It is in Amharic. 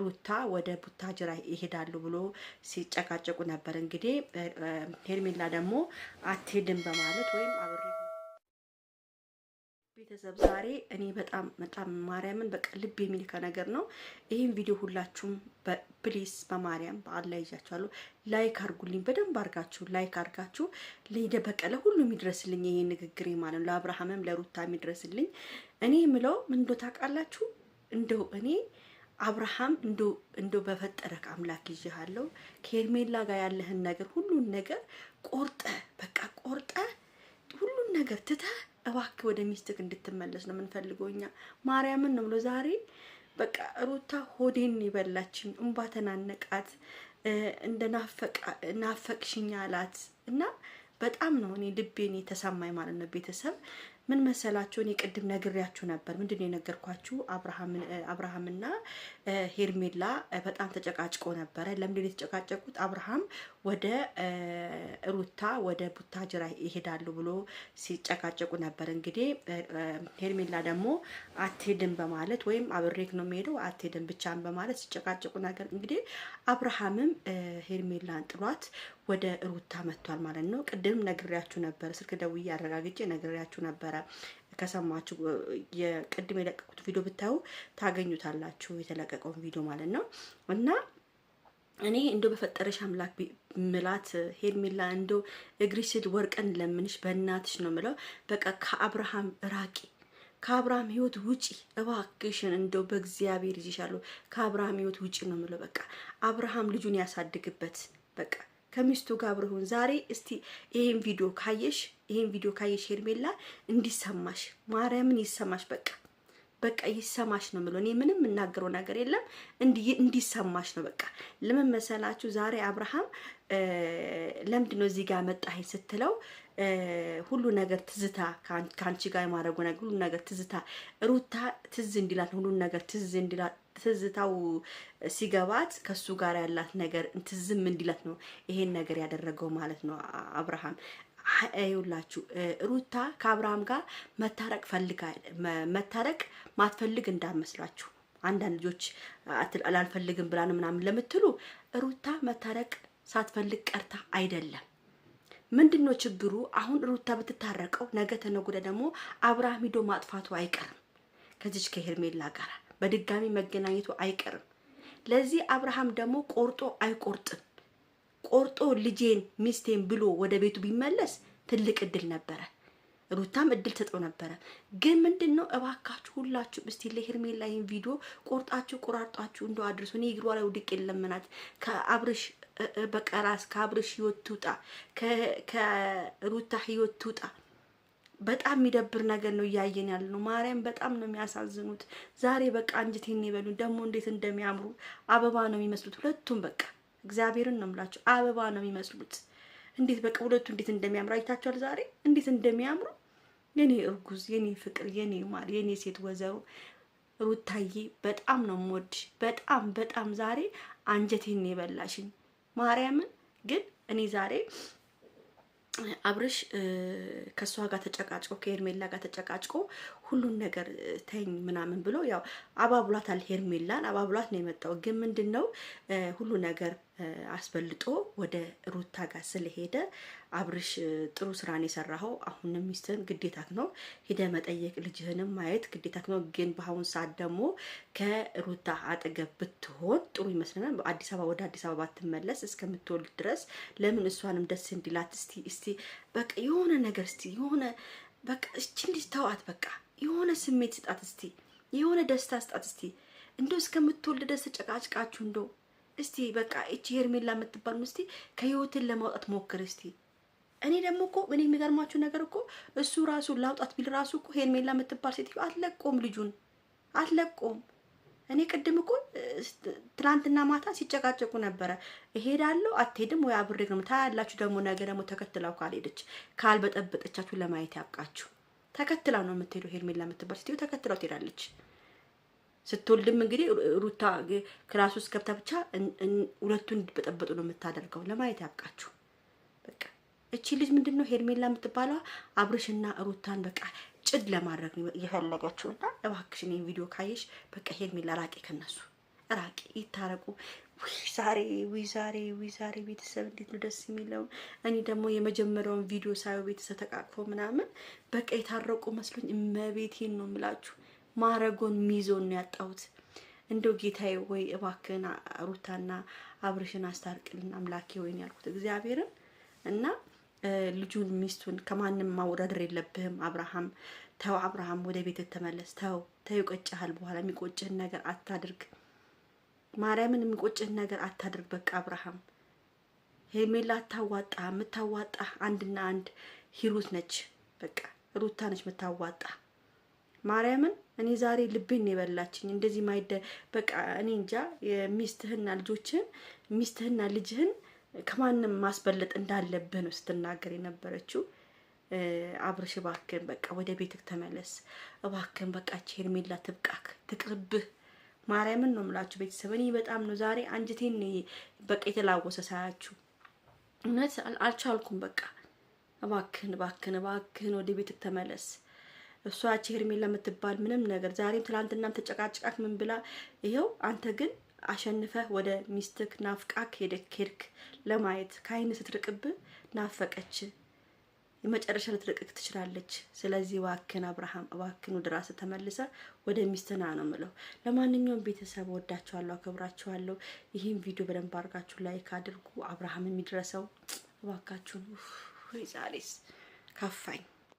ሩታ ወደ ቡታጅራ ይሄዳሉ ብሎ ሲጨቃጨቁ ነበር። እንግዲህ ሄርሜላ ደግሞ አትሄድም በማለት ወይም አብሬ ቤተሰብ ዛሬ እኔ በጣም በጣም ማርያምን በቃ ልብ የሚልከ ነገር ነው። ይህን ቪዲዮ ሁላችሁም ፕሊስ በማርያም በአላ ይዣችኋለሁ። ላይክ አርጉልኝ፣ በደንብ አርጋችሁ ላይክ አርጋችሁ ለይደበቀለ ሁሉ የሚድረስልኝ ይሄ ንግግር ማለት ነው። ለአብርሃምም ለሩታ የሚድረስልኝ እኔ ምለው ምንዶ ታውቃላችሁ እንደው እኔ አብርሃም እንዶ በፈጠረክ አምላክ ይዤሃለሁ። ከሄርሜላ ጋር ያለህን ነገር ሁሉን ነገር ቆርጠ በቃ ቆርጠ ሁሉን ነገር ትተህ እባክህ ወደ ሚስትክ እንድትመለስ ነው የምንፈልገው እኛ። ማርያምን ነው ብሎ ዛሬ በቃ ሩታ ሆዴን ይበላችኝ፣ እንባ ተናነቃት። እንደ ናፈቅሽኝ አላት እና በጣም ነው እኔ ልቤን የተሰማኝ ማለት ነው ቤተሰብ ምን መሰላችሁ? እኔ ቅድም ነግሬያችሁ ነበር። ምንድን የነገርኳችሁ? አብርሃምና ሄርሜላ በጣም ተጨቃጭቆ ነበረ። ለምንድን የተጨቃጨቁት? አብርሃም ወደ ሩታ ወደ ቡታጅራ ይሄዳሉ ብሎ ሲጨቃጨቁ ነበር። እንግዲህ ሄርሜላ ደግሞ አትሄድም በማለት ወይም አብሬክ ነው የሚሄደው አትሄድም ብቻን በማለት ሲጨቃጨቁ ነገር እንግዲህ አብርሃምም ሄርሜላን ጥሏት ወደ ሩታ መጥቷል ማለት ነው። ቅድም ነግሬያችሁ ነበረ፣ ስልክ ደውዬ አረጋግጬ ነግሬያችሁ ነበረ። ከሰማችሁ የቅድም የለቀቁት ቪዲዮ ብታዩ ታገኙታላችሁ፣ የተለቀቀውን ቪዲዮ ማለት ነው እና እኔ እንዶ በፈጠረሽ አምላክ ምላት ሄርሜላ እንዶ እግሪ ስል ወርቀን ለምንሽ በእናትሽ ነው ምለው። በቃ ከአብርሃም ራቂ፣ ከአብርሃም ህይወት ውጪ እባክሽን፣ እንዶ በእግዚአብሔር ይዤሻለሁ፣ ከአብርሃም ህይወት ውጪ ነው ምለው። በቃ አብርሃም ልጁን ያሳድግበት በቃ ከሚስቱ ጋር አብረው ዛሬ እስቲ ይሄን ቪዲዮ ካየሽ ይሄን ቪዲዮ ካየሽ ሄርሜላ እንዲሰማሽ ማርያምን ይሰማሽ። በቃ በቃ ይሰማሽ ነው የምለው። እኔ ምንም የምናገረው ነገር የለም። እንዲሰማሽ ነው በቃ። ለምን መሰላችሁ? ዛሬ አብርሃም ለምንድን ነው እዚህ ጋር መጣኸኝ ስትለው ሁሉ ነገር ትዝታ ከአንቺ ጋር የማድረጉ ነገር ሁሉ ነገር ትዝታ ሩታ ትዝ እንዲላት ሁሉ ነገር ትዝ እንዲላት ትዝታው ሲገባት ከሱ ጋር ያላት ነገር ትዝም እንዲላት ነው ይሄን ነገር ያደረገው ማለት ነው አብርሃም። ይውላችሁ ሩታ ከአብርሃም ጋር መታረቅ ፈልጋ መታረቅ ማትፈልግ እንዳመስላችሁ አንዳንድ ልጆች አላልፈልግም ብላን ምናምን ለምትሉ ሩታ መታረቅ ሳትፈልግ ቀርታ አይደለም። ምንድን ነው ችግሩ? አሁን ሩታ ብትታረቀው ነገ ተነጉደ ደግሞ አብርሃም ሂዶ ማጥፋቱ አይቀርም ከዚች ከሄርሜላ ጋራ በድጋሚ መገናኘቱ አይቀርም። ለዚህ አብርሃም ደግሞ ቆርጦ አይቆርጥም። ቆርጦ ልጄን ሚስቴን ብሎ ወደ ቤቱ ቢመለስ ትልቅ እድል ነበረ። ሩታም እድል ተጠው ነበረ። ግን ምንድን ነው እባካችሁ ሁላችሁ እስቲ ለሄርሜ ላይን ቪዲዮ ቆርጣችሁ ቆራርጣችሁ እንደ አድርሱ። እኔ እግሯ ላይ ውድቅ የለመናት ከአብርሽ በቀራስ ከአብርሽ ህይወት ትውጣ፣ ከሩታ ህይወት ትውጣ። በጣም የሚደብር ነገር ነው እያየን ያለ ነው። ማርያም በጣም ነው የሚያሳዝኑት። ዛሬ በቃ አንጀቴን ይበሉን። ደግሞ እንዴት እንደሚያምሩ አበባ ነው የሚመስሉት ሁለቱም። በቃ እግዚአብሔርን ነው የምላቸው፣ አበባ ነው የሚመስሉት። እንዴት በቃ ሁለቱ እንዴት እንደሚያምሩ አይታችኋል? ዛሬ እንዴት እንደሚያምሩ የኔ እርጉዝ፣ የኔ ፍቅር፣ የኔ ማር፣ የኔ ሴት ወዘው ሩታዬ በጣም ነው የምወድሽ። በጣም በጣም ዛሬ አንጀቴን የበላሽኝ ማርያምን ግን እኔ ዛሬ አብርሽ ከእሷ ጋር ተጨቃጭቆ ከኤርሜላ ጋር ተጨቃጭቆ ሁሉን ነገር ተኝ ምናምን ብሎ ያው አባብሏታል፣ ሄርሜላን አባብሏት ነው የመጣው። ግን ምንድን ነው ሁሉ ነገር አስበልጦ ወደ ሩታ ጋር ስለሄደ አብርሽ ጥሩ ስራን የሰራኸው አሁንም ሚስትህን ግዴታክ ነው ሂደ መጠየቅ ልጅህንም ማየት ግዴታክ ነው። ግን በአሁን ሰዓት ደግሞ ከሩታ አጠገብ ብትሆን ጥሩ ይመስለናል። አዲስ አበባ ወደ አዲስ አበባ ትመለስ እስከምትወልድ ድረስ ለምን እሷንም ደስ እንዲላት እስቲ እስቲ በቃ የሆነ ነገር እስቲ የሆነ በቃ እቺ ልጅ ተዋት። በቃ የሆነ ስሜት ስጣት እስቲ፣ የሆነ ደስታ ስጣት እስቲ። እንዶ እስከምትወልድ ደስ ጨቃጭቃችሁ እንዶ እስቲ በቃ እቺ ሄርሜላ የምትባል እስቲ ከህይወትን ለማውጣት ሞክር እስቲ። እኔ ደግሞ እኮ እኔ የሚገርማችሁ ነገር እኮ እሱ ራሱ ላውጣት ቢል ራሱ እኮ ሄርሜላ የምትባል ሴትዮ አትለቆም፣ ልጁን አትለቆም። እኔ ቅድም እኮ ትላንትና ማታ ሲጨቃጨቁ ነበረ። እሄዳለሁ አትሄድም ወይ አብሬ ነው ታያላችሁ። ደግሞ ነገ ደግሞ ተከትላው ካልሄደች ካልበጠበጠቻችሁ ለማየት ያብቃችሁ። ተከትላው ነው የምትሄደው። ሄርሜላ የምትባል ስትዩ ተከትላው ትሄዳለች። ስትወልድም እንግዲህ ሩታ ክላስ ውስጥ ገብታ ብቻ ሁለቱን እንዲበጠበጡ ነው የምታደርገው። ለማየት ያብቃችሁ። በቃ እቺ ልጅ ምንድን ነው ሄርሜላ የምትባለዋ አብርሽና ሩታን በቃ ጭድ ለማድረግ ነው የፈለገችው። እና እባክሽ እኔን ቪዲዮ ካየሽ በቃ ሄርሜላ ራቂ፣ ከነሱ ራቂ፣ ይታረቁ። ዛሬ ዊ ዛሬ ዊ ዛሬ ቤተሰብ እንዴት ነው ደስ የሚለው። እኔ ደግሞ የመጀመሪያውን ቪዲዮ ሳየው ቤተሰብ ተቃቅፎ ምናምን በቃ የታረቁ መስሎኝ እመቤቴን ነው የምላችሁ። ማረጎን ሚዞን ነው ያጣሁት። እንደው ጌታዬ ወይ እባክህን ሩታና አብርሽን አስታርቅልን አምላኬ ወይን ያልኩት እግዚአብሔርን እና ልጁን ሚስቱን ከማንም ማወዳደር የለብህም። አብርሃም ተው፣ አብርሃም ወደ ቤት ተመለስ። ተው ተው፣ ይቆጭሃል። በኋላ የሚቆጭህን ነገር አታድርግ። ማርያምን የሚቆጭህን ነገር አታድርግ። በቃ አብርሃም ሄርሜላ አታዋጣ። የምታዋጣ አንድና አንድ ሂሩት ነች። በቃ ሩታ ነች የምታዋጣ። ማርያምን እኔ ዛሬ ልቤን የበላችኝ እንደዚህ ማይደ በቃ እኔ እንጃ። ሚስትህና ልጆችህን ሚስትህና ልጅህን ከማንም ማስበለጥ እንዳለብህ ነው ስትናገር የነበረችው። አብርሽ እባክህን በቃ ወደ ቤትህ ተመለስ፣ እባክህን በቃ ሄርሜላ ትብቃክ፣ ትቅርብህ። ማርያምን ነው የምላችሁ ቤተሰብ፣ እኔ በጣም ነው ዛሬ አንጀቴን በቃ የተላወሰ ሳያችሁ፣ እውነት አልቻልኩም። በቃ እባክህን እባክህን እባክህን ወደ ቤትህ ተመለስ። እሷ ሄርሜላ የምትባል ምንም ነገር ዛሬም ትላንትናም ተጨቃጭቃክ ምን ብላ ይኸው አንተ ግን አሸንፈህ ወደ ሚስትክ ናፍቃክ ሄደክ ሄድክ ለማየት ከአይን ስትርቅብ ናፈቀች። የመጨረሻ ልትርቅክ ትችላለች። ስለዚህ ዋክን አብርሃም፣ ዋክን ወደ ራስህ ተመልሰህ ወደ ሚስትና ነው ምለው። ለማንኛውም ቤተሰብ ወዳችኋለሁ፣ አከብራችኋለሁ። ይህን ቪዲዮ በደንብ አድርጋችሁ ላይክ አድርጉ። አብርሃም የሚድረሰው እባካችሁን። ዛሬስ ከፋኝ።